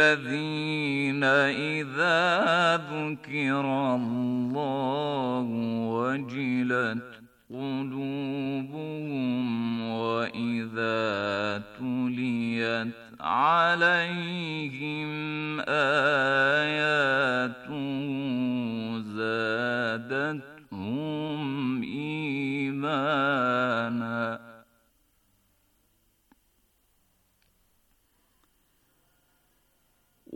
الذين إذا ذكر الله وجلت قلوبهم وإذا تليت عليهم آياته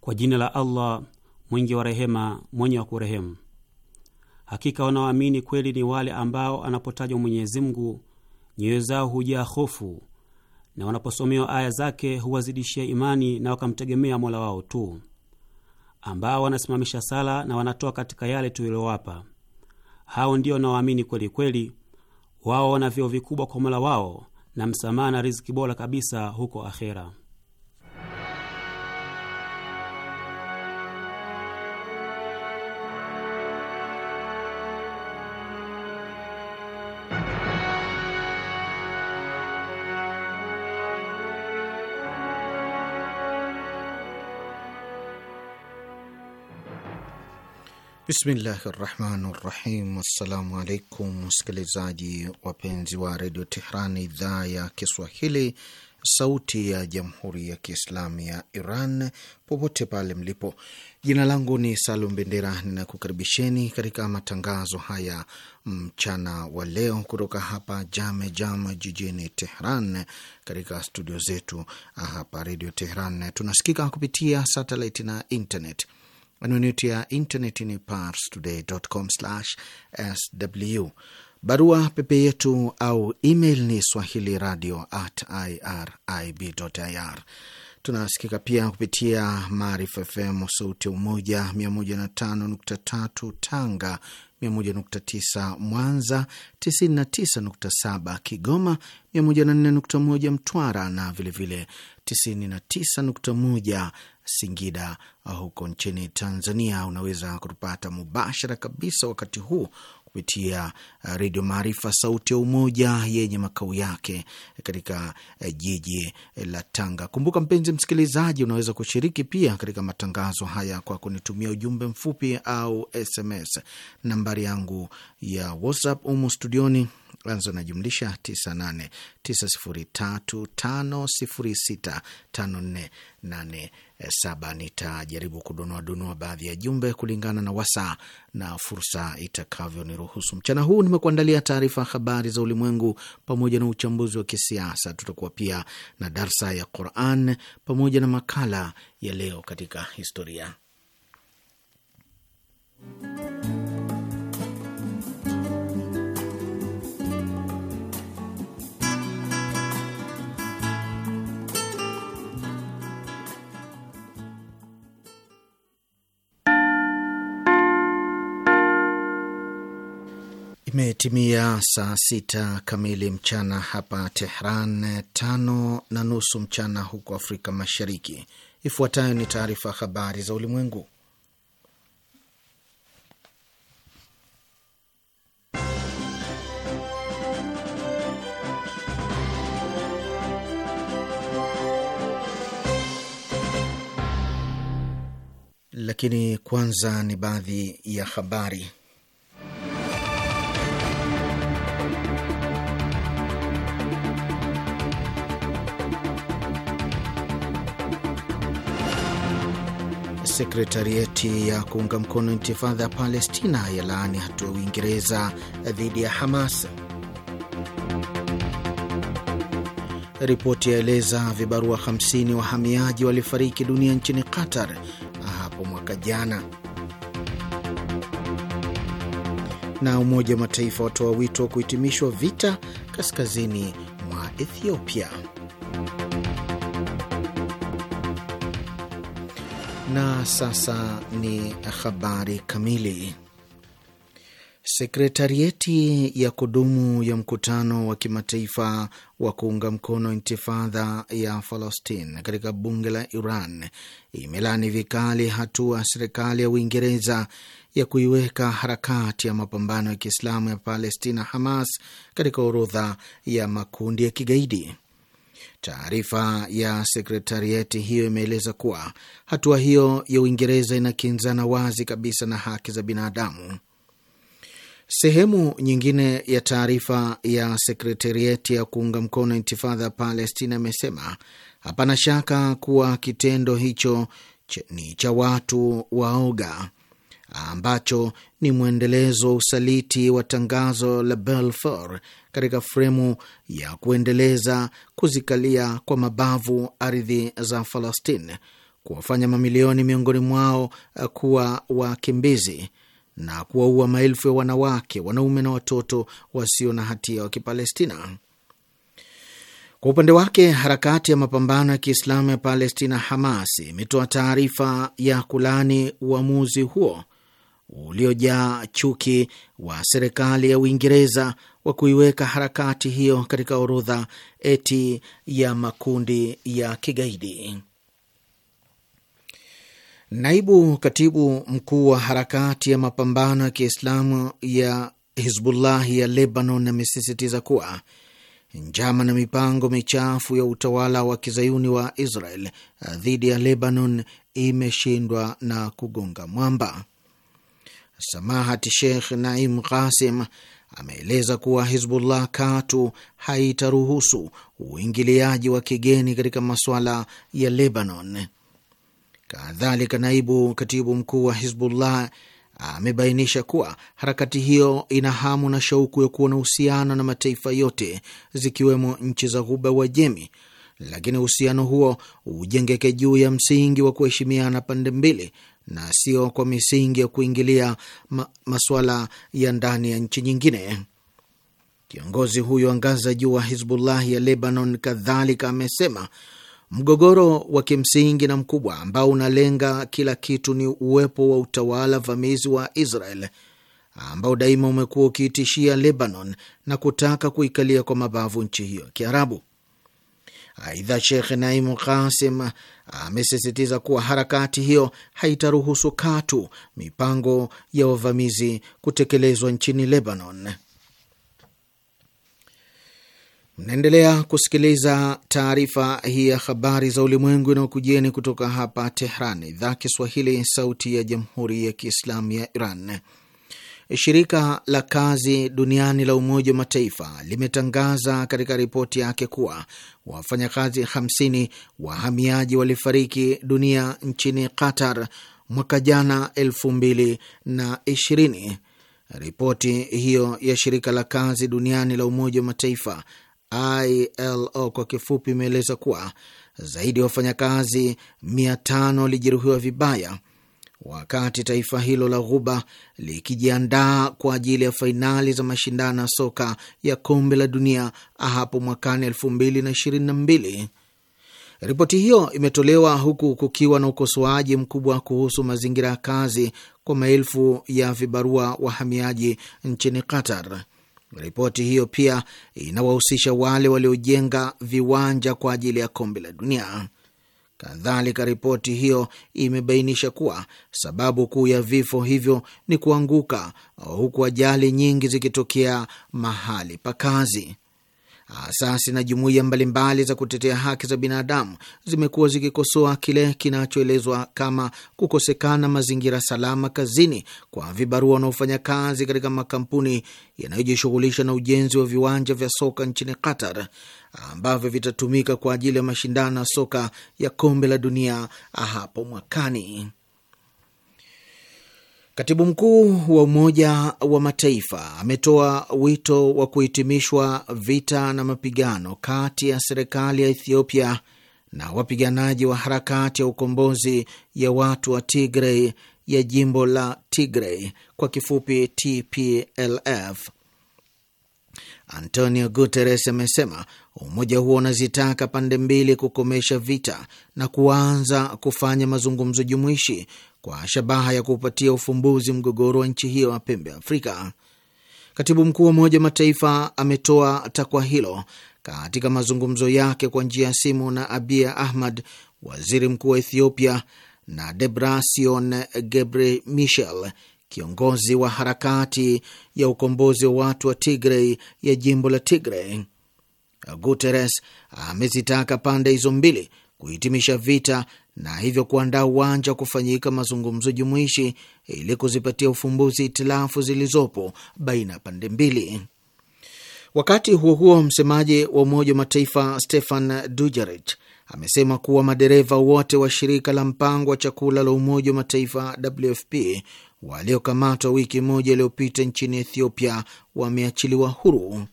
Kwa jina la Allah mwingi wa rehema, mwenye wa kurehemu. Hakika wanaoamini kweli ni wale ambao anapotajwa Mwenyezi Mungu nyoyo zao hujaa hofu na wanaposomewa aya zake huwazidishia imani na wakamtegemea mola wao tu, ambao wanasimamisha sala na wanatoa katika yale tuliyowapa. Hao ndio wanaoamini kweli kweli, wao wana vyeo vikubwa kwa mola wao na msamaha na riziki bora kabisa huko akhera. Bismillahi rahmani rahim. Assalamu alaikum wasikilizaji wapenzi wa redio Tehran, idhaa ya Kiswahili, sauti ya jamhuri ya kiislamu ya Iran, popote pale mlipo. Jina langu ni Salum Bendera, ninakukaribisheni katika matangazo haya mchana wa leo kutoka hapa Jame Jam jijini Tehran, katika studio zetu hapa redio Tehran. Tunasikika kupitia satelit na internet. Anwani yetu ya intaneti ni parstoday.com/sw. Barua pepe yetu au email ni swahili radio at irib.ir. Tunasikika pia kupitia Maarifa FM sauti ya Umoja 105.3 Tanga, 101.9 Mwanza, 99.7 Kigoma, 104.1 Mtwara na vilevile 99.1 Singida. Huko nchini Tanzania unaweza kutupata mubashara kabisa wakati huu kupitia uh, Redio Maarifa Sauti ya Umoja yenye makao yake katika uh, jiji uh, la Tanga. Kumbuka mpenzi msikilizaji, unaweza kushiriki pia katika matangazo haya kwa kunitumia ujumbe mfupi au SMS. Nambari yangu ya WhatsApp umo studioni anza najumlisha jumlisha 989035065487. Nitajaribu kudonoa donoa baadhi ya jumbe kulingana na wasaa na fursa itakavyoniruhusu. Mchana huu nimekuandalia taarifa habari za ulimwengu pamoja na uchambuzi wa kisiasa. Tutakuwa pia na darsa ya Quran pamoja na makala ya leo katika historia. Imetimia saa sita kamili mchana hapa Tehran, tano na nusu mchana huko Afrika Mashariki. Ifuatayo ni taarifa ya habari za ulimwengu, lakini kwanza ni baadhi ya habari. Sekretarieti ya kuunga mkono intifadha ya Palestina ya laani hatua ya Uingereza dhidi ya Hamas. Ripoti yaeleza vibarua 50 wahamiaji walifariki dunia nchini Qatar hapo mwaka jana. Na Umoja wa Mataifa watoa wito wa kuhitimishwa vita kaskazini mwa Ethiopia. Na sasa ni habari kamili. Sekretarieti ya kudumu ya mkutano wa kimataifa wa kuunga mkono intifadha ya Falastin katika bunge la Iran imelani vikali hatua ya serikali ya Uingereza ya kuiweka harakati ya mapambano ya Kiislamu ya Palestina, Hamas, katika orodha ya makundi ya kigaidi. Taarifa ya sekretarieti hiyo imeeleza kuwa hatua hiyo ya Uingereza inakinzana wazi kabisa na haki za binadamu. Sehemu nyingine ya taarifa ya sekretarieti ya kuunga mkono intifadha ya Palestina imesema hapana shaka kuwa kitendo hicho ni cha watu waoga ambacho ni mwendelezo wa usaliti wa tangazo la Balfour katika fremu ya kuendeleza kuzikalia kwa mabavu ardhi za falastin kuwafanya mamilioni miongoni mwao eh, kuwa wakimbizi na kuwaua maelfu ya wanawake, wanaume na watoto wasio na hatia wa Kipalestina. Kwa upande wake harakati ya mapambano ya Kiislamu ya Palestina, Hamas, imetoa taarifa ya kulani uamuzi huo uliojaa chuki wa serikali ya Uingereza wa kuiweka harakati hiyo katika orodha eti ya makundi ya kigaidi. Naibu katibu mkuu wa harakati ya mapambano ya Kiislamu ya Hizbullahi ya Lebanon amesisitiza kuwa njama na mipango michafu ya utawala wa kizayuni wa Israel dhidi ya Lebanon imeshindwa na kugonga mwamba. Samahati Sheikh Naim Qasim ameeleza kuwa Hizbullah katu haitaruhusu uingiliaji wa kigeni katika masuala ya Lebanon. Kadhalika, naibu katibu mkuu wa Hizbullah amebainisha kuwa harakati hiyo ina hamu na shauku ya kuwa na uhusiano na mataifa yote zikiwemo nchi za Ghuba Wajemi, lakini uhusiano huo ujengeke juu ya msingi wa kuheshimiana pande mbili na sio kwa misingi ya kuingilia ma masuala ya ndani ya nchi nyingine. Kiongozi huyo wa ngazi juu wa Hizbullah ya Lebanon kadhalika amesema mgogoro wa kimsingi na mkubwa ambao unalenga kila kitu ni uwepo wa utawala vamizi wa Israel ambao daima umekuwa ukiitishia Lebanon na kutaka kuikalia kwa mabavu nchi hiyo ya Kiarabu. Aidha, Shekh Naimu Kasim amesisitiza kuwa harakati hiyo haitaruhusu katu mipango ya wavamizi kutekelezwa nchini Lebanon. Mnaendelea kusikiliza taarifa hii ya habari za ulimwengu inayokujieni kutoka hapa Tehran, idhaa Kiswahili, sauti ya jamhuri ya kiislamu ya Iran. Shirika la kazi duniani la Umoja wa Mataifa limetangaza katika ripoti yake kuwa wafanyakazi 50 wahamiaji walifariki dunia nchini Qatar mwaka jana 2020. Ripoti hiyo ya shirika la kazi duniani la Umoja wa Mataifa ILO kwa kifupi imeeleza kuwa zaidi ya wafanyakazi 500 walijeruhiwa vibaya wakati taifa hilo la Ghuba likijiandaa kwa ajili ya fainali za mashindano ya soka ya kombe la dunia hapo mwakani 222 Ripoti hiyo imetolewa huku kukiwa na ukosoaji mkubwa kuhusu mazingira ya kazi kwa maelfu ya vibarua wahamiaji nchini Qatar. Ripoti hiyo pia inawahusisha wale waliojenga viwanja kwa ajili ya kombe la dunia. Kadhalika, ripoti hiyo imebainisha kuwa sababu kuu ya vifo hivyo ni kuanguka, huku ajali nyingi zikitokea mahali pa kazi. Asasi na jumuiya mbalimbali za kutetea haki za binadamu zimekuwa zikikosoa kile kinachoelezwa kama kukosekana mazingira salama kazini kwa vibarua wanaofanya kazi katika makampuni yanayojishughulisha na ujenzi wa viwanja vya soka nchini Qatar, ambavyo vitatumika kwa ajili ya mashindano ya soka ya kombe la dunia hapo mwakani. Katibu mkuu wa Umoja wa Mataifa ametoa wito wa kuhitimishwa vita na mapigano kati ya serikali ya Ethiopia na wapiganaji wa harakati ya ukombozi ya watu wa Tigray ya jimbo la Tigray kwa kifupi TPLF. Antonio Guterres amesema Umoja huo unazitaka pande mbili kukomesha vita na kuanza kufanya mazungumzo jumuishi kwa shabaha ya kuupatia ufumbuzi mgogoro wa nchi hiyo ya pembe Afrika. Katibu mkuu wa Umoja Mataifa ametoa takwa hilo katika mazungumzo yake kwa njia ya simu na Abiy Ahmed, waziri mkuu wa Ethiopia, na debrasion Gebre Michel, kiongozi wa harakati ya ukombozi wa watu wa Tigrey ya jimbo la Tigrey. Guterres amezitaka pande hizo mbili kuhitimisha vita na hivyo kuandaa uwanja wa kufanyika mazungumzo jumuishi ili kuzipatia ufumbuzi itilafu zilizopo baina ya pande mbili. Wakati huo huo, msemaji wa Umoja wa Mataifa Stefan Dujarric amesema kuwa madereva wote wa shirika la mpango wa chakula la Umoja wa Mataifa WFP waliokamatwa wiki moja iliyopita nchini Ethiopia wameachiliwa huru.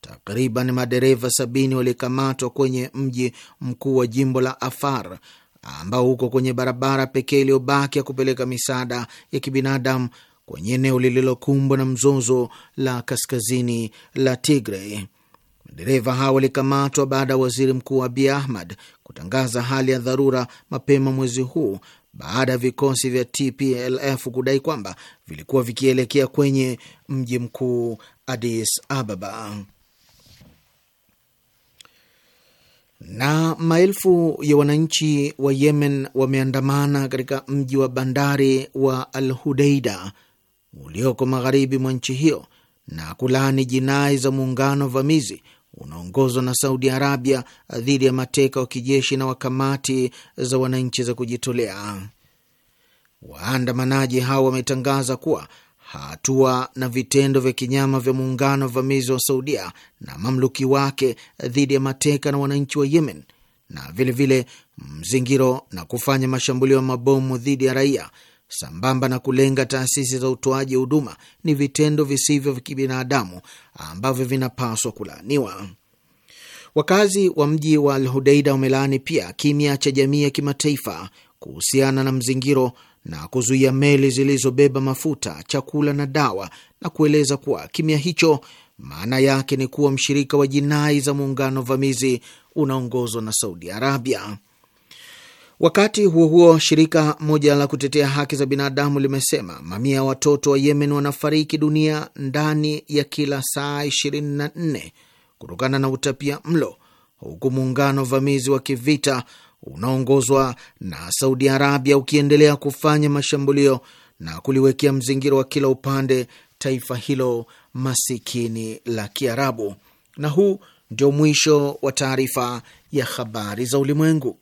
Takriban madereva sabini walikamatwa kwenye mji mkuu wa jimbo la Afar ambao uko kwenye barabara pekee iliyobaki ya kupeleka misaada ya kibinadamu kwenye eneo lililokumbwa na mzozo la kaskazini la Tigray. Madereva hao walikamatwa baada ya waziri mkuu Abiy Ahmed kutangaza hali ya dharura mapema mwezi huu baada ya vikosi vya TPLF kudai kwamba vilikuwa vikielekea kwenye mji mkuu Addis Ababa. Na maelfu ya wananchi wa Yemen wameandamana katika mji wa bandari wa Al Hudeida ulioko magharibi mwa nchi hiyo na kulaani jinai za muungano vamizi unaongozwa na Saudi Arabia dhidi ya mateka wa kijeshi na wakamati za wananchi za kujitolea. Waandamanaji hao wametangaza kuwa hatua na vitendo vya kinyama vya muungano wa vamizi wa Saudia na mamluki wake dhidi ya mateka na wananchi wa Yemen na vilevile vile mzingiro na kufanya mashambulio ya mabomu dhidi ya raia sambamba na kulenga taasisi za utoaji huduma ni vitendo visivyo vya kibinadamu ambavyo vinapaswa kulaaniwa. Wakazi wa mji wa Al wamelaani pia kimya cha jamii ya kimataifa kuhusiana na mzingiro na kuzuia meli zilizobeba mafuta, chakula na dawa, na kueleza kuwa kimya hicho maana yake ni kuwa mshirika wa jinai za muungano vamizi unaongozwa na Saudi Arabia. Wakati huo huo, shirika moja la kutetea haki za binadamu limesema mamia ya watoto wa Yemen wanafariki dunia ndani ya kila saa 24 kutokana na utapia mlo, huku muungano vamizi wa kivita unaoongozwa na Saudi Arabia ukiendelea kufanya mashambulio na kuliwekea mzingiro wa kila upande taifa hilo masikini la Kiarabu. Na huu ndio mwisho wa taarifa ya habari za ulimwengu.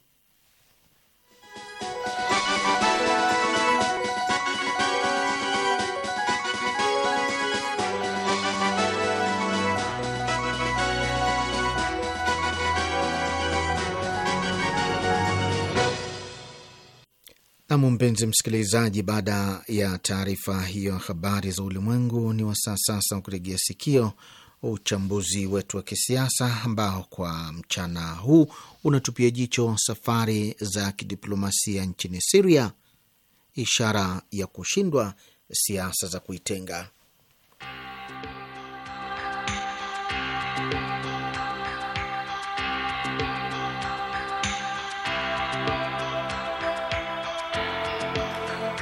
Nam, mpenzi msikilizaji, baada ya taarifa hiyo habari za ulimwengu, ni wasaa sasa wa kuregea sikio uchambuzi wetu wa kisiasa ambao kwa mchana huu unatupia jicho safari za kidiplomasia nchini Siria, ishara ya kushindwa siasa za kuitenga.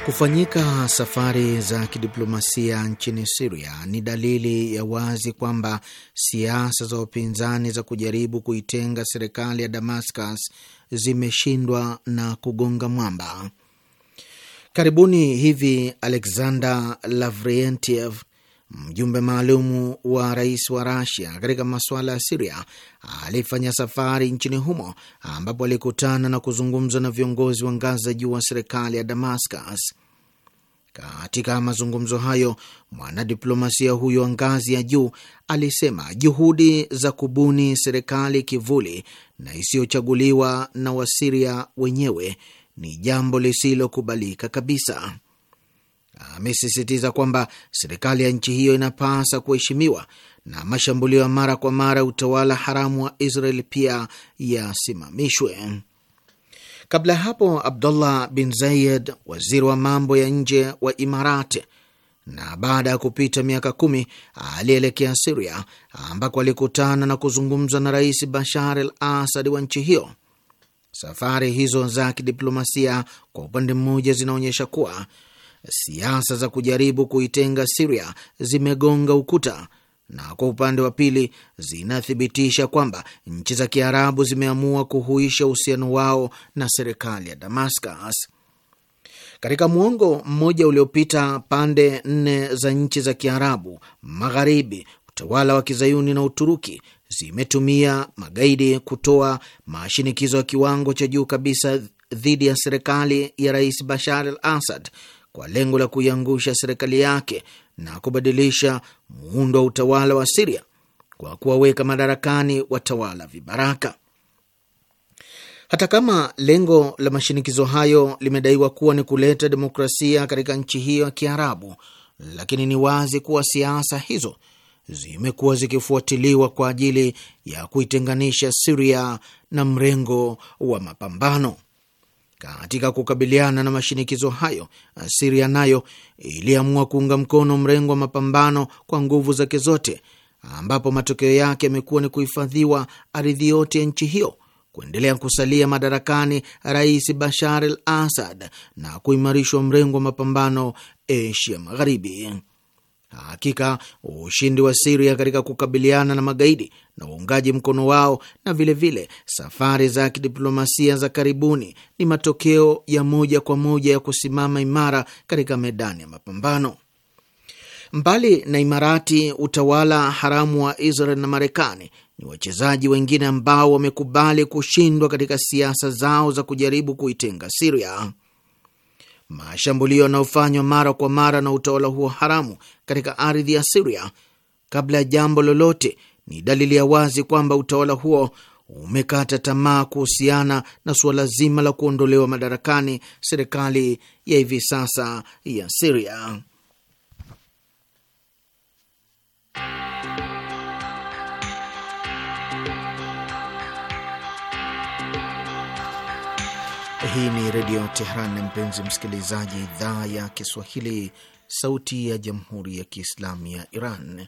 Kufanyika safari za kidiplomasia nchini Siria ni dalili ya wazi kwamba siasa za upinzani za kujaribu kuitenga serikali ya Damascus zimeshindwa na kugonga mwamba. Karibuni hivi Alexander Lavrentiev, Mjumbe maalum wa rais wa Rasia katika masuala ya Siria alifanya safari nchini humo ambapo alikutana na kuzungumza na viongozi wa ngazi za juu wa serikali ya Damascus. Katika mazungumzo hayo, mwanadiplomasia huyo wa ngazi ya juu alisema juhudi za kubuni serikali kivuli na isiyochaguliwa na Wasiria wenyewe ni jambo lisilokubalika kabisa amesisitiza kwamba serikali ya nchi hiyo inapasa kuheshimiwa na mashambulio ya mara kwa mara ya utawala haramu wa Israel pia yasimamishwe. Kabla ya hapo, Abdullah bin Zayed, waziri wa mambo ya nje wa Imarati, na baada ya kupita miaka kumi alielekea Siria ambako alikutana na kuzungumza na Rais Bashar al Asad wa nchi hiyo. Safari hizo za kidiplomasia kwa upande mmoja zinaonyesha kuwa siasa za kujaribu kuitenga Siria zimegonga ukuta na kwa upande wa pili zinathibitisha kwamba nchi za Kiarabu zimeamua kuhuisha uhusiano wao na serikali ya Damascus. Katika mwongo mmoja uliopita, pande nne za nchi za Kiarabu Magharibi, utawala wa kizayuni na Uturuki zimetumia magaidi kutoa mashinikizo ya kiwango cha juu kabisa dhidi ya serikali ya Rais Bashar al Assad kwa lengo la kuiangusha serikali yake na kubadilisha muundo wa utawala wa Siria kwa kuwaweka madarakani watawala vibaraka. Hata kama lengo la mashinikizo hayo limedaiwa kuwa ni kuleta demokrasia katika nchi hiyo ya Kiarabu, lakini ni wazi kuwa siasa hizo zimekuwa zikifuatiliwa kwa ajili ya kuitenganisha Siria na mrengo wa mapambano. Katika kukabiliana na mashinikizo hayo, Siria nayo iliamua kuunga mkono mrengo wa mapambano kwa nguvu zake zote, ambapo matokeo yake yamekuwa ni kuhifadhiwa ardhi yote ya nchi hiyo, kuendelea kusalia madarakani Rais Bashar al Assad na kuimarishwa mrengo wa mapambano Asia Magharibi. Hakika ushindi wa Siria katika kukabiliana na magaidi na uungaji mkono wao na vilevile vile, safari za kidiplomasia za karibuni ni matokeo ya moja kwa moja ya kusimama imara katika medani ya mapambano. Mbali na Imarati, utawala haramu wa Israel na Marekani ni wachezaji wengine ambao wamekubali kushindwa katika siasa zao za kujaribu kuitenga Siria mashambulio yanayofanywa mara kwa mara na utawala huo haramu katika ardhi ya Siria kabla ya jambo lolote ni dalili ya wazi kwamba utawala huo umekata tamaa kuhusiana na suala zima la kuondolewa madarakani serikali ya hivi sasa ya Siria. Hii ni Redio teheran na mpenzi msikilizaji, idhaa ya Kiswahili, sauti ya Jamhuri ya Kiislamu ya Iran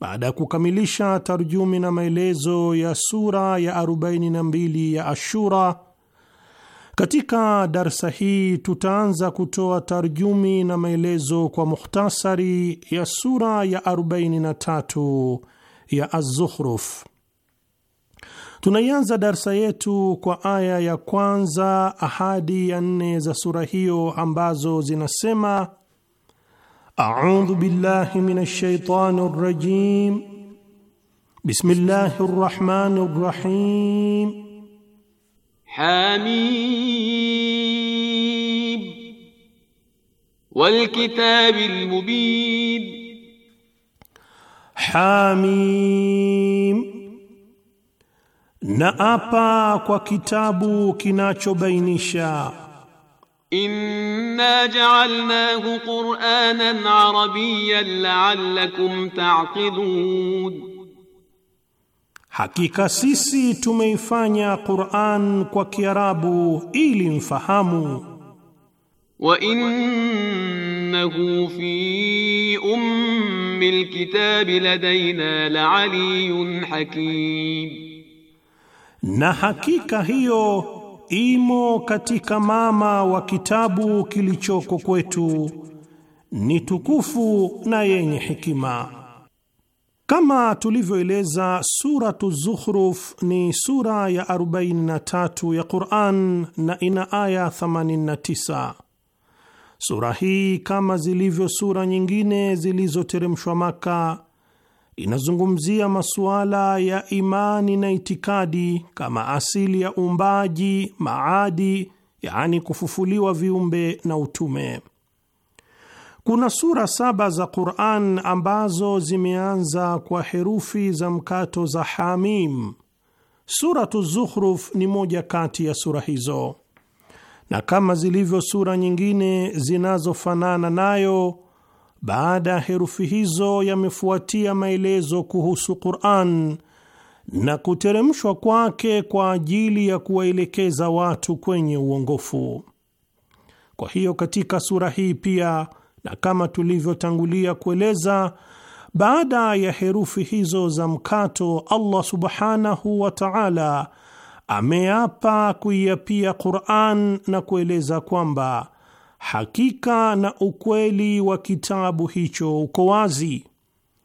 baada ya kukamilisha tarjumi na maelezo ya sura ya 42 ya Ashura, katika darsa hii tutaanza kutoa tarjumi na maelezo kwa mukhtasari ya sura ya 43 ya Az-Zukhruf. Tunaianza darsa yetu kwa aya ya kwanza ahadi ya nne za sura hiyo ambazo zinasema اعوذ بالله من الشيطان الرجيم بسم الله الرحمن الرحيم حميم والكتاب المبين حميم نأبا وكتاب kitabu بينشا انا جعلناه قرانا عربيا لعلكم تعقلون hakika sisi tumeifanya quran kwa kiarabu ili mfahamu wa innahu fi ummi alkitabi ladaina laaliyun hakim na hakika hiyo imo katika mama wa kitabu kilichoko kwetu, ni tukufu na yenye hikima. Kama tulivyoeleza, Suratu Zukhruf ni sura ya 43 ya Quran na ina aya 89. Sura hii kama zilivyo sura nyingine zilizoteremshwa Maka inazungumzia masuala ya imani na itikadi kama asili ya uumbaji, maadi, yaani kufufuliwa viumbe na utume. Kuna sura saba za Qur'an ambazo zimeanza kwa herufi za mkato za Hamim. Suratu Zukhruf ni moja kati ya sura hizo, na kama zilivyo sura nyingine zinazofanana nayo baada ya herufi hizo yamefuatia maelezo kuhusu Qur'an na kuteremshwa kwake kwa ajili ya kuwaelekeza watu kwenye uongofu. Kwa hiyo katika sura hii pia, na kama tulivyotangulia kueleza, baada ya herufi hizo za mkato, Allah Subhanahu wa Ta'ala ameapa kuiapia Qur'an na kueleza kwamba Hakika na ukweli wa kitabu hicho uko wazi,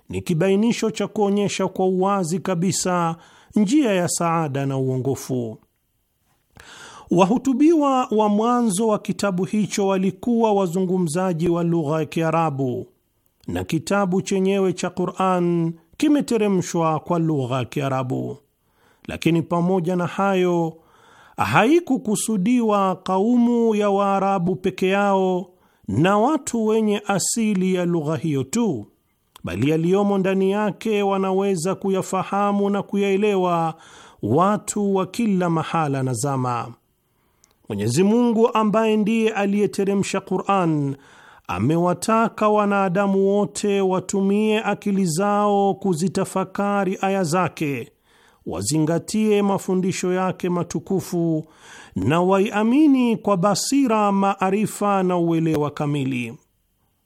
ni kibainisho cha kuonyesha kwa uwazi kabisa njia ya saada na uongofu. Wahutubiwa wa mwanzo wa kitabu hicho walikuwa wazungumzaji wa lugha ya Kiarabu na kitabu chenyewe cha Qur'an kimeteremshwa kwa lugha ya Kiarabu, lakini pamoja na hayo haikukusudiwa kaumu ya Waarabu peke yao na watu wenye asili ya lugha hiyo tu, bali yaliyomo ndani yake wanaweza kuyafahamu na kuyaelewa watu wa kila mahala na zama. Mwenyezi Mungu ambaye ndiye aliyeteremsha Qur'an amewataka wanadamu wote watumie akili zao kuzitafakari aya zake wazingatie mafundisho yake matukufu na waiamini kwa basira, maarifa na uelewa kamili.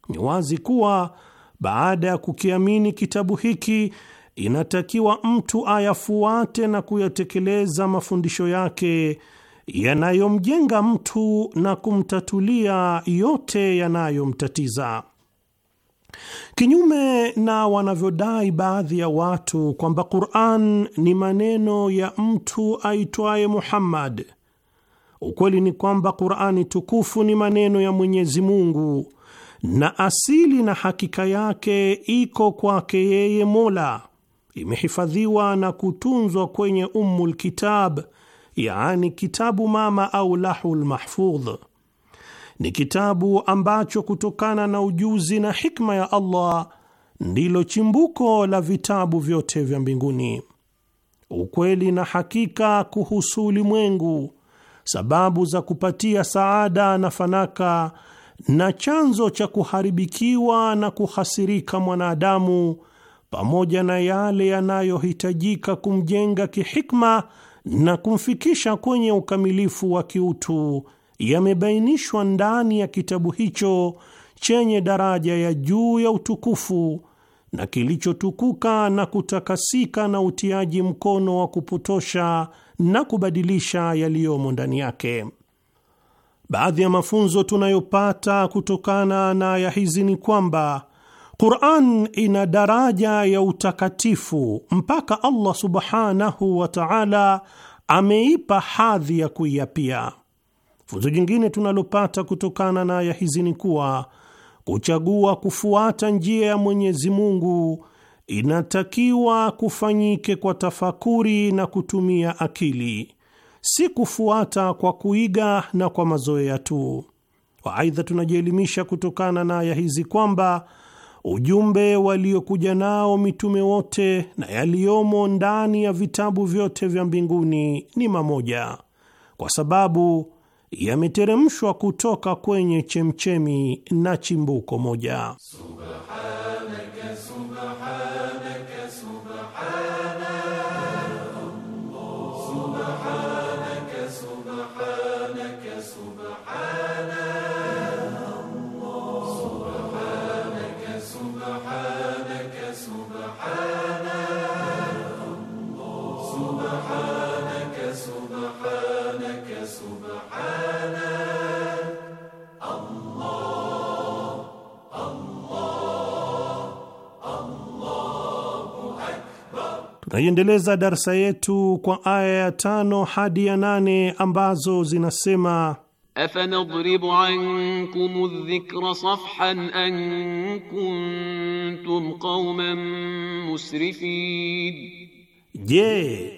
Ni wazi kuwa baada ya kukiamini kitabu hiki inatakiwa mtu ayafuate na kuyatekeleza mafundisho yake yanayomjenga mtu na kumtatulia yote yanayomtatiza. Kinyume na wanavyodai baadhi ya watu kwamba Qur'an ni maneno ya mtu aitwaye Muhammad, ukweli ni kwamba Qur'ani tukufu ni maneno ya Mwenyezi Mungu na asili na hakika yake iko kwake yeye Mola, imehifadhiwa na kutunzwa kwenye Ummul Kitab, yaani kitabu mama au Lahul Mahfudh ni kitabu ambacho kutokana na ujuzi na hikma ya Allah ndilo chimbuko la vitabu vyote vya mbinguni, ukweli na hakika kuhusu ulimwengu, sababu za kupatia saada na fanaka, na chanzo cha kuharibikiwa na kuhasirika mwanadamu, pamoja na yale yanayohitajika kumjenga kihikma na kumfikisha kwenye ukamilifu wa kiutu yamebainishwa ndani ya kitabu hicho chenye daraja ya juu ya utukufu na kilichotukuka na kutakasika na utiaji mkono wa kupotosha na kubadilisha yaliyomo ndani yake. Baadhi ya mafunzo tunayopata kutokana na aya hizi ni kwamba Qur'an ina daraja ya utakatifu mpaka Allah Subhanahu wa Ta'ala ameipa hadhi ya kuiapia. Funzo jingine tunalopata kutokana na aya hizi ni kuwa kuchagua kufuata njia ya Mwenyezi Mungu inatakiwa kufanyike kwa tafakuri na kutumia akili, si kufuata kwa kuiga na kwa mazoea tu. Waaidha, tunajielimisha kutokana na aya hizi kwamba ujumbe waliokuja nao mitume wote na yaliyomo ndani ya vitabu vyote vya mbinguni ni mamoja, kwa sababu yameteremshwa kutoka kwenye chemchemi na chimbuko moja. Subhanaka, subhanaka. Tunaiendeleza darsa yetu kwa aya ya tano hadi ya nane ambazo zinasema afanadribu ankum dhikra safhan an kuntum qauman musrifin, je,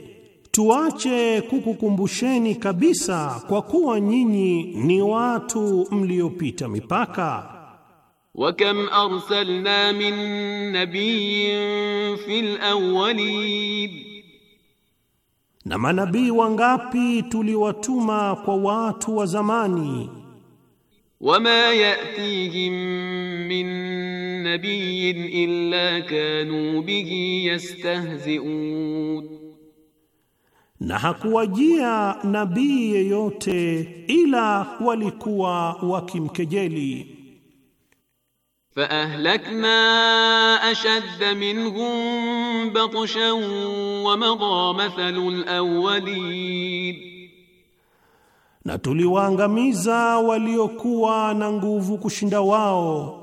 tuache kukukumbusheni kabisa kwa kuwa nyinyi ni watu mliopita mipaka wa kam arsalna min nabiyyin fil awwalin, na manabii wangapi tuliwatuma kwa watu wa zamani. Wama yatihim min nabiyyin illa kanu bihi yastahzi'un, na hakuwajia nabii yeyote ila walikuwa wakimkejeli. فأهلكنا أشد منهم بطشا ومضى مثل الأولين, na tuliwaangamiza waliokuwa na nguvu kushinda wao,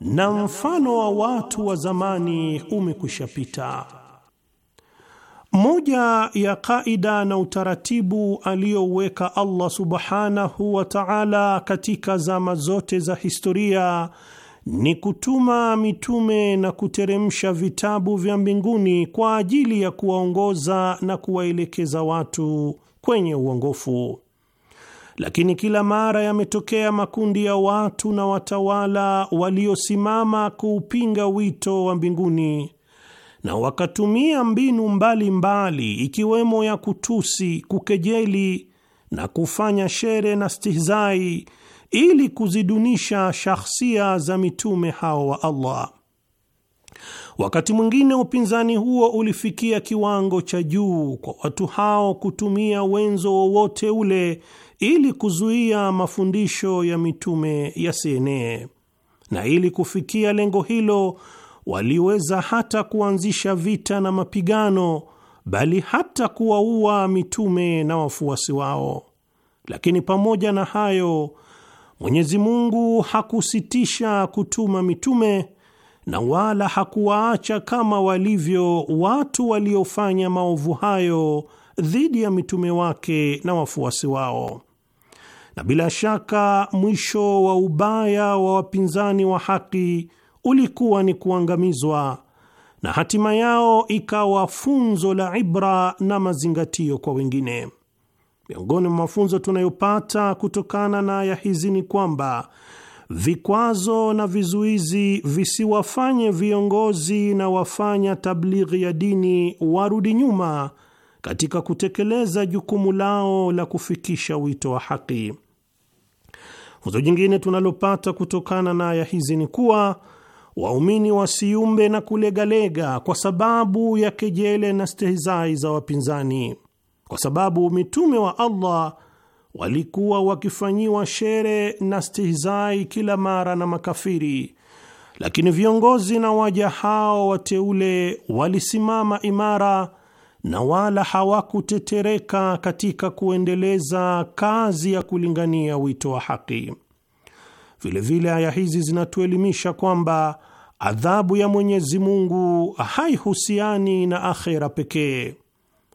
na mfano wa watu wa zamani umekwisha pita. Moja ya kaida na utaratibu aliyoweka Allah subhanahu wa ta'ala katika zama zote za historia ni kutuma mitume na kuteremsha vitabu vya mbinguni kwa ajili ya kuwaongoza na kuwaelekeza watu kwenye uongofu. Lakini kila mara yametokea makundi ya watu na watawala waliosimama kuupinga wito wa mbinguni na wakatumia mbinu mbalimbali mbali, ikiwemo ya kutusi, kukejeli na kufanya shere na stihzai ili kuzidunisha shahsia za mitume hao wa Allah. Wakati mwingine upinzani huo ulifikia kiwango cha juu kwa watu hao kutumia wenzo wowote ule ili kuzuia mafundisho ya mitume yasienee, na ili kufikia lengo hilo waliweza hata kuanzisha vita na mapigano, bali hata kuwaua mitume na wafuasi wao. Lakini pamoja na hayo Mwenyezi Mungu hakusitisha kutuma mitume na wala hakuwaacha kama walivyo watu waliofanya maovu hayo dhidi ya mitume wake na wafuasi wao. Na bila shaka mwisho wa ubaya wa wapinzani wa haki ulikuwa ni kuangamizwa, na hatima yao ikawa funzo la ibra na mazingatio kwa wengine. Miongoni mwa mafunzo tunayopata kutokana na aya hizi ni kwamba vikwazo na vizuizi visiwafanye viongozi na wafanya tablighi ya dini warudi nyuma katika kutekeleza jukumu lao la kufikisha wito wa haki. Funzo jingine tunalopata kutokana na aya hizi ni kuwa waumini wasiumbe na kulegalega kwa sababu ya kejele na stehizai za wapinzani kwa sababu mitume wa Allah walikuwa wakifanyiwa shere na stihzai kila mara na makafiri, lakini viongozi na waja hao wateule walisimama imara na wala hawakutetereka katika kuendeleza kazi ya kulingania wito wa haki. Vilevile aya hizi zinatuelimisha kwamba adhabu ya Mwenyezi Mungu haihusiani na akhera pekee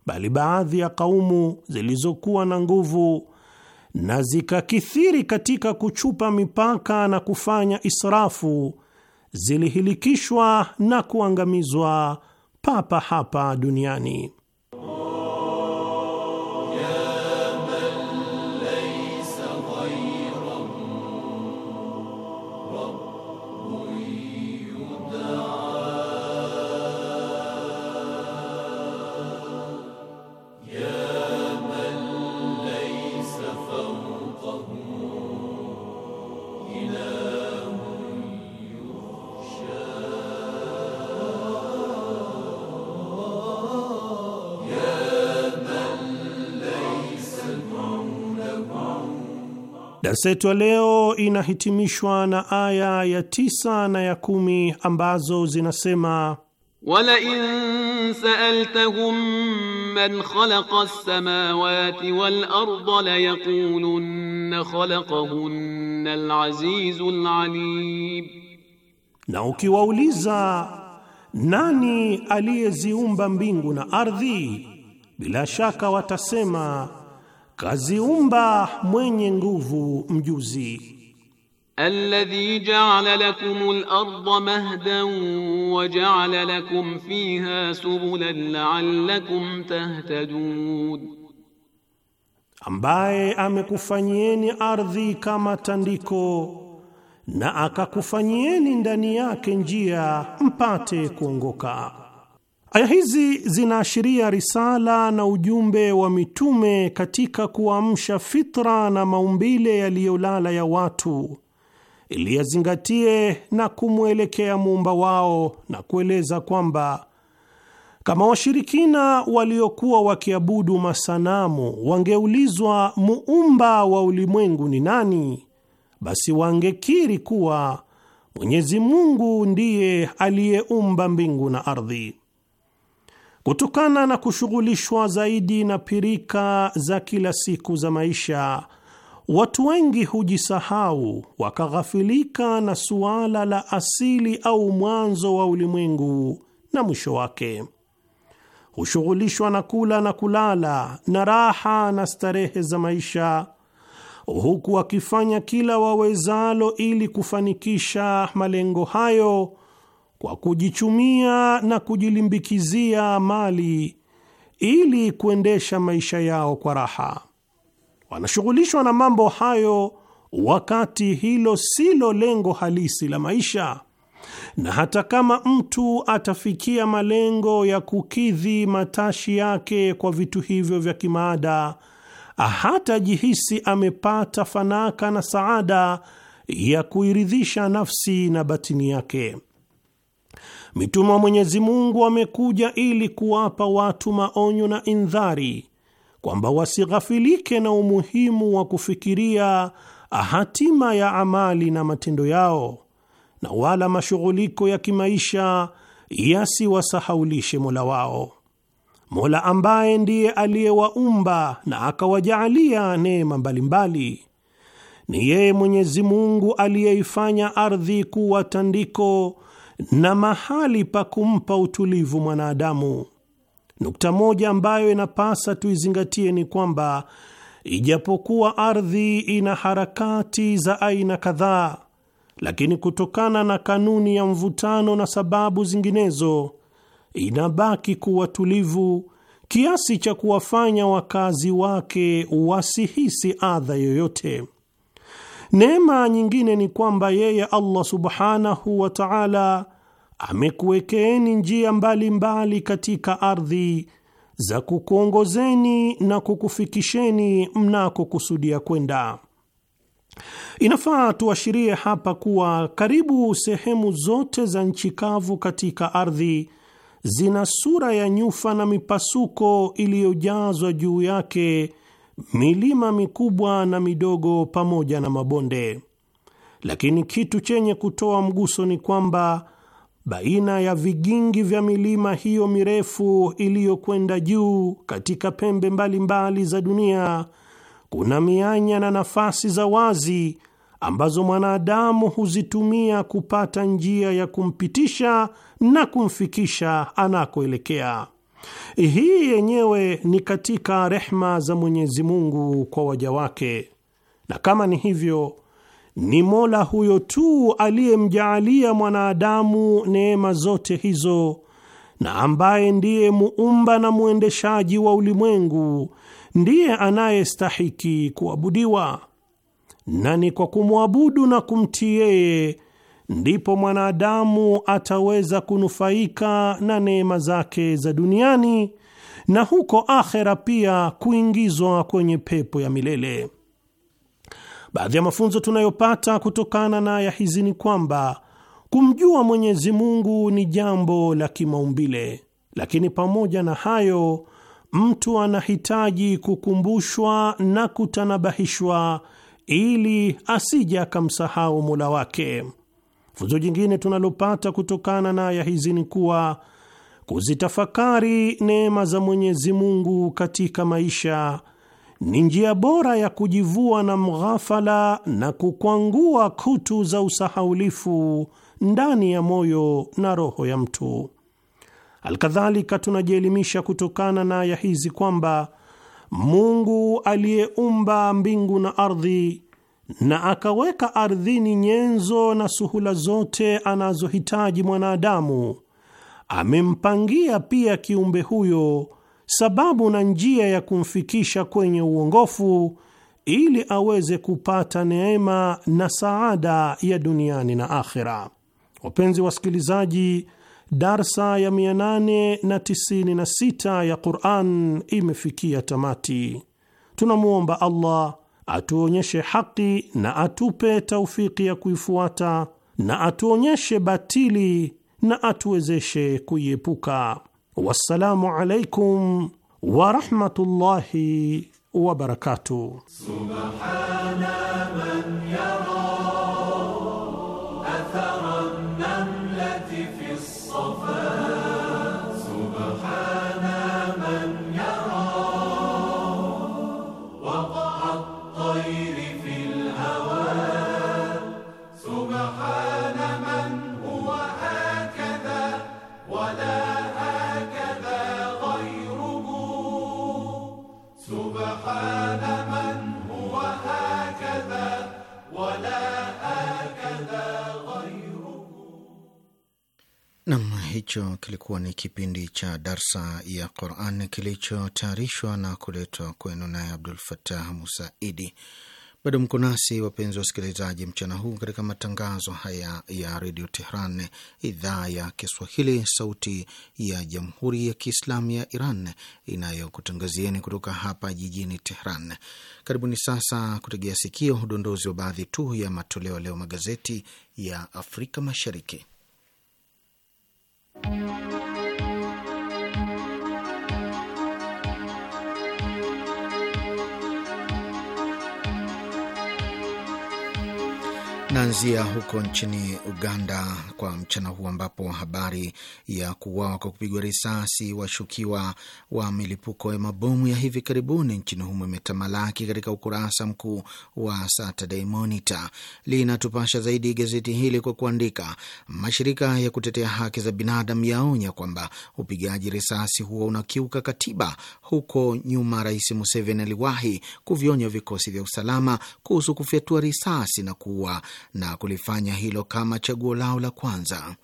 bali baadhi ya kaumu zilizokuwa na nguvu na zikakithiri katika kuchupa mipaka na kufanya israfu zilihilikishwa na kuangamizwa papa hapa duniani. Darsa yetu ya leo inahitimishwa na aya ya tisa na ya kumi ambazo zinasema walain saaltahum man khalaqa as-samawati wal arda layaqulunna khalaqahunna al-azizul alim, na ukiwauliza nani aliyeziumba mbingu na ardhi, bila shaka watasema Kaziumba mwenye nguvu mjuzi. Alladhi ja'ala al-ardha mahdan wa ja'ala lakum fiha subulan la'allakum tahtadun, ambaye amekufanyieni ardhi kama tandiko na akakufanyieni ndani yake njia mpate kuongoka. Aya hizi zinaashiria risala na ujumbe wa mitume katika kuamsha fitra na maumbile yaliyolala ya watu ili yazingatie na kumwelekea muumba wao, na kueleza kwamba kama washirikina waliokuwa wakiabudu masanamu wangeulizwa muumba wa ulimwengu ni nani, basi wangekiri kuwa Mwenyezi Mungu ndiye aliyeumba mbingu na ardhi. Kutokana na kushughulishwa zaidi na pirika za kila siku za maisha, watu wengi hujisahau wakaghafilika na suala la asili au mwanzo wa ulimwengu na mwisho wake. Hushughulishwa na kula na kulala na raha na starehe za maisha, huku wakifanya kila wawezalo ili kufanikisha malengo hayo kwa kujichumia na kujilimbikizia mali ili kuendesha maisha yao kwa raha. Wanashughulishwa na mambo hayo wakati hilo silo lengo halisi la maisha. Na hata kama mtu atafikia malengo ya kukidhi matashi yake kwa vitu hivyo vya kimaada, hatajihisi amepata fanaka na saada ya kuiridhisha nafsi na batini yake. Mitume wa Mwenyezi Mungu wamekuja ili kuwapa watu maonyo na indhari kwamba wasighafilike na umuhimu wa kufikiria hatima ya amali na matendo yao, na wala mashughuliko ya kimaisha yasiwasahaulishe Mola wao, Mola ambaye ndiye aliyewaumba na akawajaalia neema mbalimbali. Ni yeye Mwenyezi Mungu aliyeifanya ardhi kuwa tandiko na mahali pa kumpa utulivu mwanadamu. Nukta moja ambayo inapasa tuizingatie ni kwamba ijapokuwa ardhi ina harakati za aina kadhaa, lakini kutokana na kanuni ya mvutano na sababu zinginezo, inabaki kuwa tulivu kiasi cha kuwafanya wakazi wake wasihisi adha yoyote. Neema nyingine ni kwamba yeye Allah subhanahu wa ta'ala amekuwekeeni njia mbalimbali mbali katika ardhi za kukuongozeni na kukufikisheni mnakokusudia kwenda. Inafaa tuashirie hapa kuwa karibu sehemu zote za nchi kavu katika ardhi zina sura ya nyufa na mipasuko iliyojazwa juu yake milima mikubwa na midogo pamoja na mabonde, lakini kitu chenye kutoa mguso ni kwamba baina ya vigingi vya milima hiyo mirefu iliyokwenda juu katika pembe mbalimbali mbali za dunia kuna mianya na nafasi za wazi ambazo mwanadamu huzitumia kupata njia ya kumpitisha na kumfikisha anakoelekea. Hii yenyewe ni katika rehma za Mwenyezi Mungu kwa waja wake, na kama ni hivyo, ni Mola huyo tu aliyemjaalia mwanadamu neema zote hizo na ambaye ndiye muumba na mwendeshaji wa ulimwengu, ndiye anayestahiki kuabudiwa, na ni kwa kumwabudu na kumtii yeye ndipo mwanadamu ataweza kunufaika na neema zake za duniani na huko akhera pia kuingizwa kwenye pepo ya milele. Baadhi ya mafunzo tunayopata kutokana na aya hizi ni kwamba kumjua Mwenyezi Mungu ni jambo la kimaumbile, lakini pamoja na hayo mtu anahitaji kukumbushwa na kutanabahishwa ili asije akamsahau Mola wake. Funzo jingine tunalopata kutokana na aya hizi ni kuwa kuzitafakari neema za Mwenyezi Mungu katika maisha ni njia bora ya kujivua na mghafala na kukwangua kutu za usahaulifu ndani ya moyo na roho ya mtu. Alkadhalika, tunajielimisha kutokana na aya hizi kwamba Mungu aliyeumba mbingu na ardhi na akaweka ardhini nyenzo na suhula zote anazohitaji mwanadamu, amempangia pia kiumbe huyo sababu na njia ya kumfikisha kwenye uongofu ili aweze kupata neema na saada ya duniani na akhera. Wapenzi wasikilizaji, darsa ya 896 ya Qur'an imefikia tamati. Tunamwomba Allah atuonyeshe haki na atupe taufiki ya kuifuata na atuonyeshe batili na atuwezeshe kuiepuka. Wassalamu alaikum warahmatullahi wabarakatuh. hicho kilikuwa ni kipindi cha darsa ya Quran kilichotayarishwa na kuletwa kwenu naye Abdul Fatah Musaidi. Bado mko nasi wapenzi wa wasikilizaji, mchana huu katika matangazo haya ya redio Tehran, idhaa ya Kiswahili, sauti ya jamhuri ya kiislamu ya Iran inayokutangazieni kutoka hapa jijini Tehran. Karibuni sasa kutegea sikio udondozi wa baadhi tu ya matoleo leo magazeti ya Afrika Mashariki. Música Naanzia huko nchini Uganda kwa mchana huu ambapo habari ya kuuawa kwa kupigwa risasi washukiwa wa milipuko ya mabomu ya hivi karibuni nchini humo imetamalaki katika ukurasa mkuu wa Saturday Monitor. Linatupasha zaidi gazeti hili kwa kuandika, mashirika ya kutetea haki za binadamu yaonya kwamba upigaji risasi huo unakiuka katiba. Huko nyuma, Rais Museveni aliwahi kuvionya vikosi vya usalama kuhusu kufyatua risasi na kuua na kulifanya hilo kama chaguo lao la kwanza.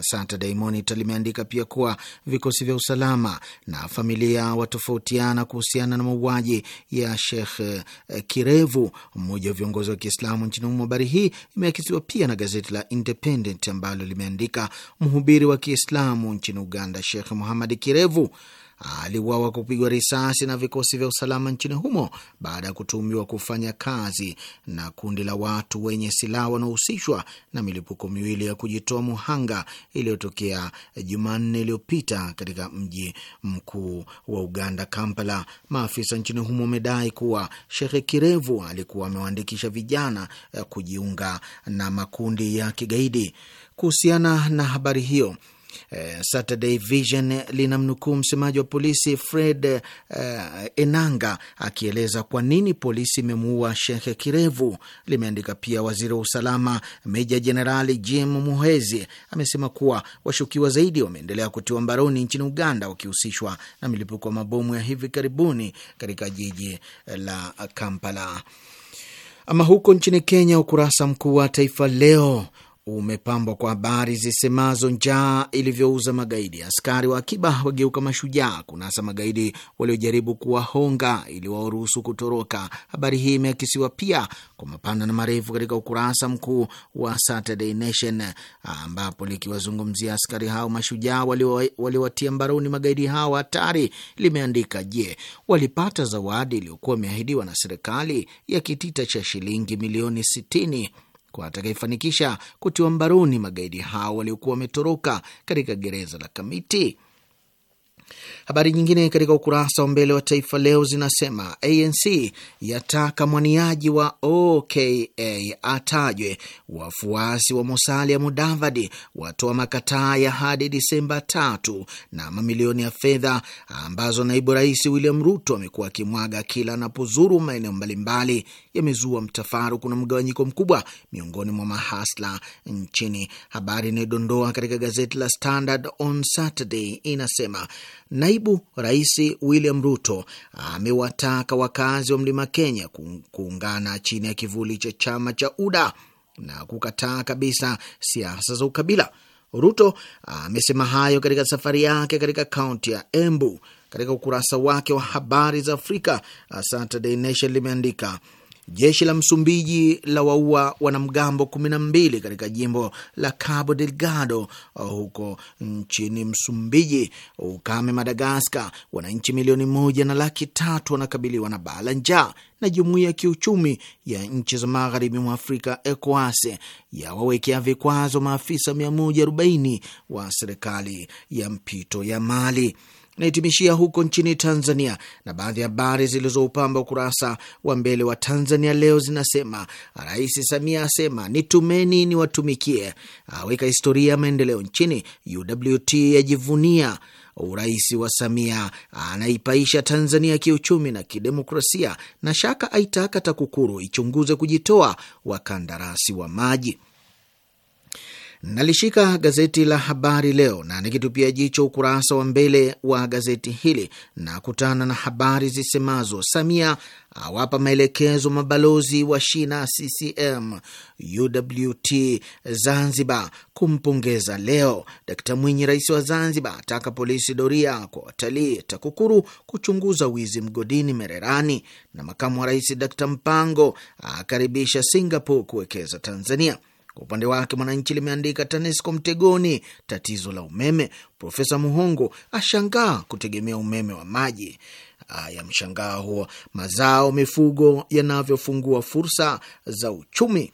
Saturday Monitor limeandika pia kuwa vikosi vya usalama na familia watofautiana kuhusiana na mauaji ya Sheikh Kirevu, mmoja wa viongozi wa Kiislamu nchini humo. Habari hii imeakisiwa pia na gazeti la Independent ambalo limeandika mhubiri wa Kiislamu nchini Uganda, Sheikh Muhammad Kirevu aliuawa kupigwa risasi na vikosi vya usalama nchini humo baada ya kutumiwa kufanya kazi na kundi la watu wenye silaha wanaohusishwa na milipuko miwili ya kujitoa muhanga iliyotokea Jumanne iliyopita katika mji mkuu wa Uganda, Kampala. Maafisa nchini humo wamedai kuwa Shekhe Kirevu alikuwa amewaandikisha vijana eh, kujiunga na makundi ya kigaidi. Kuhusiana na habari hiyo Eh, Saturday Vision linamnukuu msemaji wa polisi Fred uh, Enanga akieleza kwa nini polisi imemuua Shekhe Kirevu. Limeandika pia waziri wa usalama Meja Jenerali Jim Muhezi amesema kuwa washukiwa zaidi wameendelea kutiwa mbaroni nchini Uganda wakihusishwa na milipuko ya mabomu ya hivi karibuni katika jiji eh, la Kampala. Ama huko nchini Kenya, ukurasa mkuu wa Taifa Leo umepambwa kwa habari zisemazo njaa ilivyouza magaidi, askari wa akiba wageuka mashujaa kunasa magaidi waliojaribu kuwahonga ili waoruhusu kutoroka. Habari hii imeakisiwa pia kwa mapana na marefu katika ukurasa mkuu wa Saturday Nation, ambapo likiwazungumzia askari hao mashujaa waliowatia mbaroni magaidi hao hatari, limeandika je, walipata zawadi iliyokuwa imeahidiwa na serikali ya kitita cha shilingi milioni sitini kwa atakayefanikisha kutiwa mbaroni magaidi hao waliokuwa wametoroka katika gereza la Kamiti Habari nyingine katika ukurasa wa mbele wa Taifa Leo zinasema ANC yataka mwaniaji wa OKA atajwe, wafuasi wa Musalia Mudavadi watoa makataa ya hadi Disemba tatu, na mamilioni ya fedha ambazo naibu rais William Ruto amekuwa akimwaga kila anapozuru maeneo mbalimbali yamezua mtafaruku na mgawanyiko mkubwa miongoni mwa mahasla nchini. Habari inayodondoa katika gazeti la Standard on Saturday inasema na Naibu Rais William Ruto amewataka wakazi wa Mlima Kenya kuungana chini ya kivuli cha chama cha UDA na kukataa kabisa siasa za ukabila. Ruto amesema hayo katika safari yake katika kaunti ya Embu. Katika ukurasa wake wa habari za Afrika, Saturday Nation limeandika Jeshi la Msumbiji la waua wanamgambo 12 katika jimbo la Cabo Delgado uh, huko nchini Msumbiji. Ukame Madagaskar, wananchi milioni moja na laki tatu wanakabiliwa na bala njaa. Na jumuiya ya kiuchumi ya nchi za magharibi mwa Afrika, ECOWAS, yawawekea vikwazo maafisa 140 wa serikali ya mpito ya Mali. Nahitimishia huko nchini Tanzania, na baadhi ya habari zilizoupamba ukurasa wa mbele wa Tanzania Leo zinasema Rais Samia asema nitumeni niwatumikie, aweka historia ya maendeleo nchini. UWT yajivunia urais wa Samia, anaipaisha Tanzania kiuchumi na kidemokrasia, na shaka aitaka TAKUKURU ichunguze kujitoa wakandarasi wa maji. Nalishika gazeti la Habari Leo na nikitupia jicho ukurasa wa mbele wa gazeti hili na kutana na habari zisemazo: Samia awapa maelekezo mabalozi wa shina CCM, UWT Zanzibar kumpongeza leo. Dkt Mwinyi, rais wa Zanzibar, ataka polisi doria kwa watalii. TAKUKURU kuchunguza wizi mgodini Mererani. Na makamu wa rais Dkt Mpango akaribisha Singapore kuwekeza Tanzania. Kwa upande wake Mwananchi limeandika TANESCO mtegoni, tatizo la umeme. Profesa Muhongo ashangaa kutegemea umeme wa maji. Ya mshangaa huo, mazao mifugo yanavyofungua fursa za uchumi.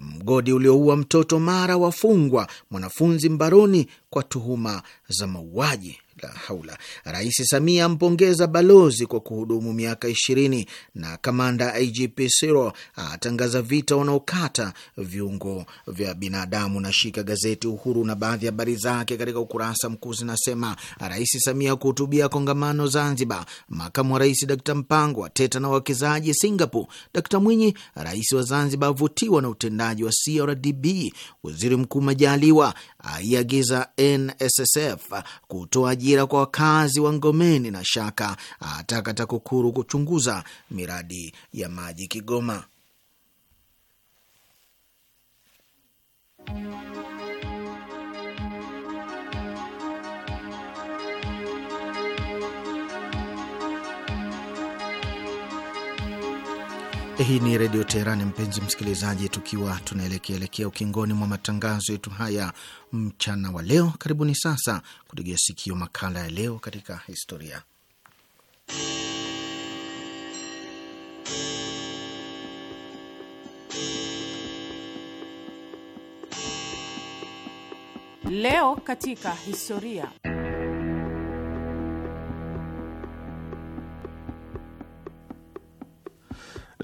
Mgodi ulioua mtoto Mara wafungwa, mwanafunzi mbaroni kwa tuhuma za mauaji la haula. Rais Samia ampongeza balozi kwa kuhudumu miaka ishirini na kamanda IGP Siro atangaza vita wanaokata viungo vya binadamu. Nashika gazeti Uhuru na baadhi ya habari zake katika ukurasa mkuu zinasema: Rais Samia kuhutubia kongamano Zanzibar, makamu wa rais Dkt Mpango ateta na wawekezaji Singapore, Dkt Mwinyi rais wa Zanzibar avutiwa na utendaji wa CRDB, waziri mkuu Majaliwa aiagiza NSSF kutoa ajira kwa wakazi wa Ngomeni na Shaka, ataka TAKUKURU kuchunguza miradi ya maji Kigoma. Hii ni Redio Teherani, mpenzi msikilizaji, tukiwa tunaelekeaelekea ukingoni mwa matangazo yetu haya mchana wa leo. Karibuni sasa kutegea sikio makala ya leo katika historia. Leo katika historia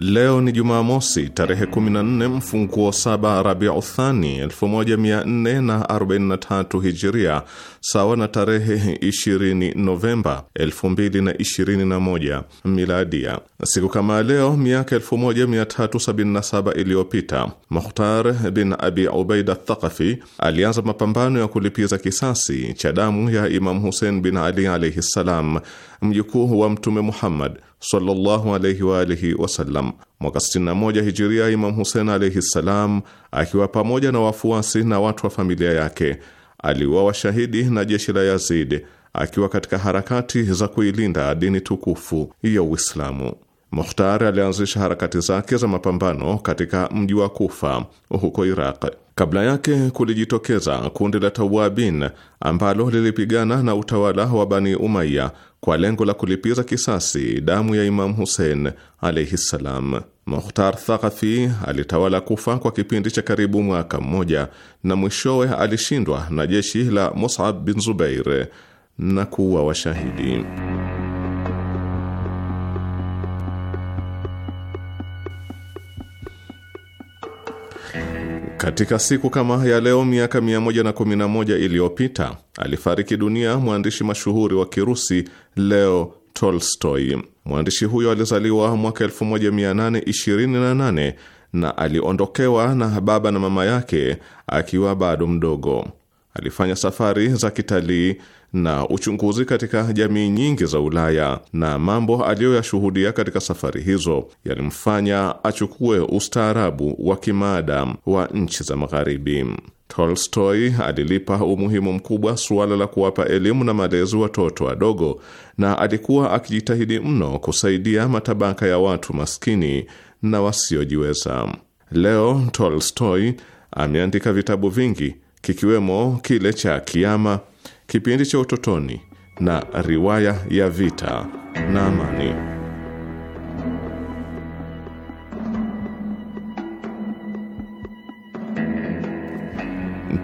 Leo ni Jumamosi tarehe 14 mfunguo saba Rabiu Thani 1443 Hijiria, sawa na tarehe 20 Novemba 2021 Miladia. Siku kama leo miaka 1377 iliyopita, Mukhtar bin Abi Ubaida Thaqafi alianza mapambano ya kulipiza kisasi cha damu ya Imam Hussein bin Ali alaihi ssalam, mjukuu wa Mtume Muhammad sallallahu alayhi wa alihi wasallam. Mwaka 61 hijiria, Imam Husein alayhi salam akiwa pamoja na wafuasi na watu wa familia yake aliuawa shahidi na jeshi la Yazid akiwa katika harakati za kuilinda dini tukufu ya Uislamu. Mukhtar alianzisha harakati zake za mapambano katika mji wa Kufa huko Iraq. Kabla yake kulijitokeza kundi la Tawabin ambalo lilipigana na utawala wa Bani Umaya kwa lengo la kulipiza kisasi damu ya imam Hussein alaihi ssalam. Mukhtar Thaqafi alitawala Kufa kwa kipindi cha karibu mwaka mmoja, na mwishowe alishindwa na jeshi la Mus'ab bin Zubair na kuwa washahidi. Katika siku kama ya leo miaka 111 iliyopita alifariki dunia mwandishi mashuhuri wa Kirusi Leo Tolstoy. Mwandishi huyo alizaliwa mwaka 1828 na aliondokewa na baba na mama yake akiwa bado mdogo. Alifanya safari za kitalii na uchunguzi katika jamii nyingi za Ulaya na mambo aliyoyashuhudia katika safari hizo yalimfanya achukue ustaarabu wa kimaadamu wa nchi za Magharibi. Tolstoy alilipa umuhimu mkubwa suala la kuwapa elimu na malezi watoto wadogo, na alikuwa akijitahidi mno kusaidia matabaka ya watu maskini na wasiojiweza. Leo Tolstoy ameandika vitabu vingi kikiwemo kile cha Kiama kipindi cha utotoni na riwaya ya vita na amani.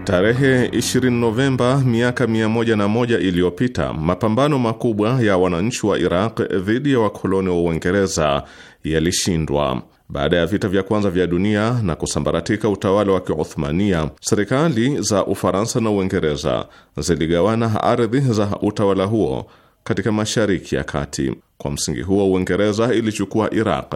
Tarehe 20 Novemba miaka 101 iliyopita, mapambano makubwa ya wananchi wa Iraq dhidi ya wakoloni wa Uingereza yalishindwa. Baada ya vita vya kwanza vya dunia na kusambaratika utawala wa Kiuthmania, serikali za Ufaransa na Uingereza ziligawana ardhi za utawala huo katika Mashariki ya Kati. Kwa msingi huo, Uingereza ilichukua Iraq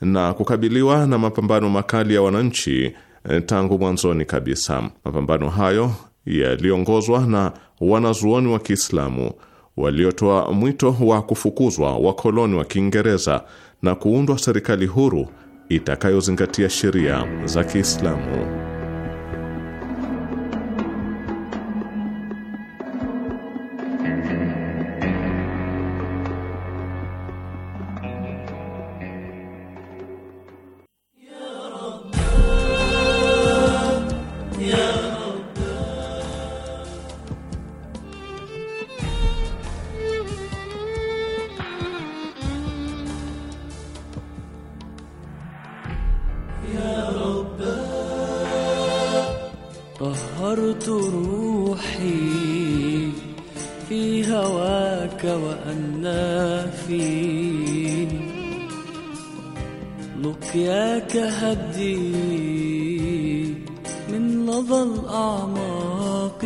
na kukabiliwa na mapambano makali ya wananchi eh, tangu mwanzoni kabisa. Mapambano hayo yaliongozwa na wanazuoni wa Kiislamu waliotoa mwito wa kufukuzwa wakoloni wa Kiingereza na kuundwa serikali huru itakayozingatia sheria za Kiislamu. وأنا في لقياك هدي من لظى الأعماق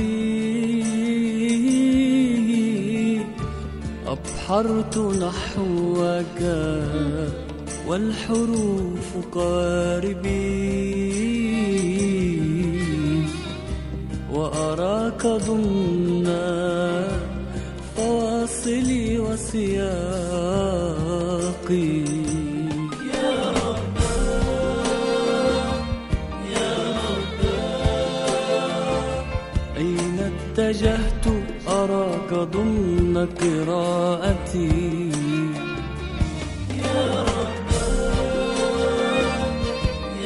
أبحرت نحوك والحروف قاربي وأراك ضمنك وصلي وسياقي يا يا أين اتجهت أراك ضمن قراءتي يا رب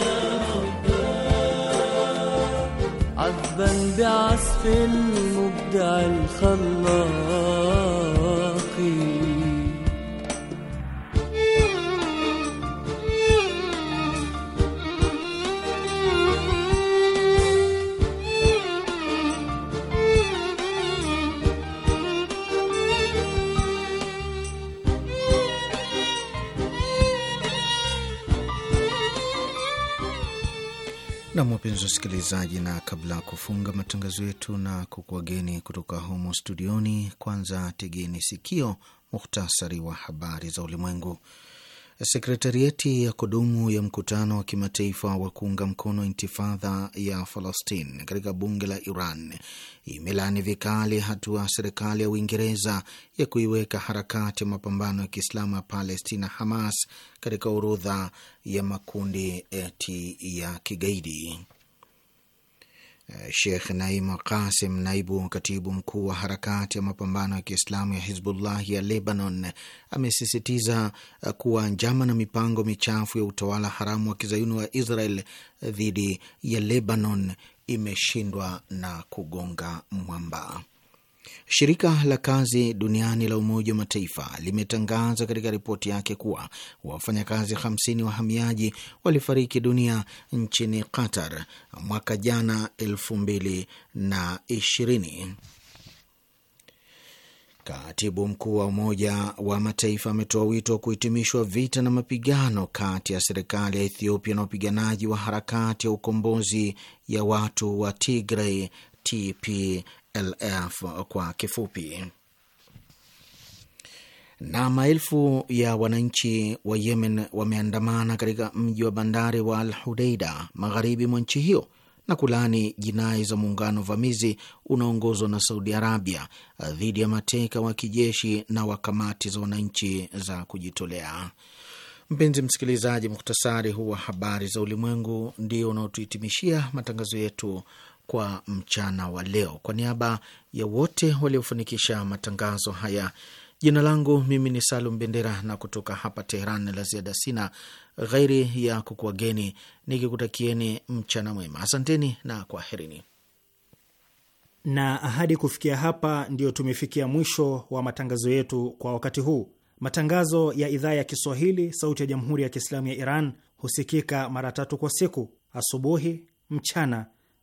يا رب عذبا بعزف المبدع الخلاق wapenzi wasikilizaji, na kabla ya kufunga matangazo yetu na kukuwageni kutoka humo studioni, kwanza tegeni sikio muhtasari wa habari za ulimwengu. Sekretarieti ya kudumu ya mkutano wa kimataifa wa kuunga mkono intifadha ya Falastin katika bunge la Iran imelaani vikali hatua ya serikali ya Uingereza ya kuiweka harakati ya mapambano ya Kiislamu ya Palestina, Hamas, katika orodha ya makundi eti ya kigaidi. Eh, Shekh Naim Kasim, naibu katibu mkuu wa harakati ya mapambano ya Kiislamu ya Hizbullah ya Lebanon, amesisitiza eh, kuwa njama na mipango michafu ya utawala haramu wa kizayuni wa Israel eh, dhidi ya Lebanon imeshindwa na kugonga mwamba. Shirika la kazi duniani la Umoja wa Mataifa limetangaza katika ripoti yake kuwa wafanyakazi 50 wahamiaji walifariki dunia nchini Qatar mwaka jana 2020. Katibu mkuu wa Umoja wa Mataifa ametoa wito wa kuhitimishwa vita na mapigano kati ya serikali ya Ethiopia na wapiganaji wa harakati ya ukombozi ya watu wa Tigray tp LF kwa kifupi. Na maelfu ya wananchi wa Yemen wameandamana katika mji wa bandari wa Al Hudeida, magharibi mwa nchi hiyo na kulaani jinai za muungano vamizi unaongozwa na Saudi Arabia dhidi ya mateka wa kijeshi na wa kamati za wananchi za kujitolea. Mpenzi msikilizaji, muktasari huu wa habari za ulimwengu ndio unaotuhitimishia matangazo yetu kwa mchana wa leo. Kwa niaba ya wote waliofanikisha matangazo haya, jina langu mimi ni Salum Bendera, na kutoka hapa Teheran la ziada sina ghairi ya kukuageni nikikutakieni mchana mwema. Asanteni na kwaherini na ahadi. Kufikia hapa, ndiyo tumefikia mwisho wa matangazo yetu kwa wakati huu. Matangazo ya idhaa ya Kiswahili sauti ya jamhuri ya Kiislamu ya Iran husikika mara tatu kwa siku: asubuhi, mchana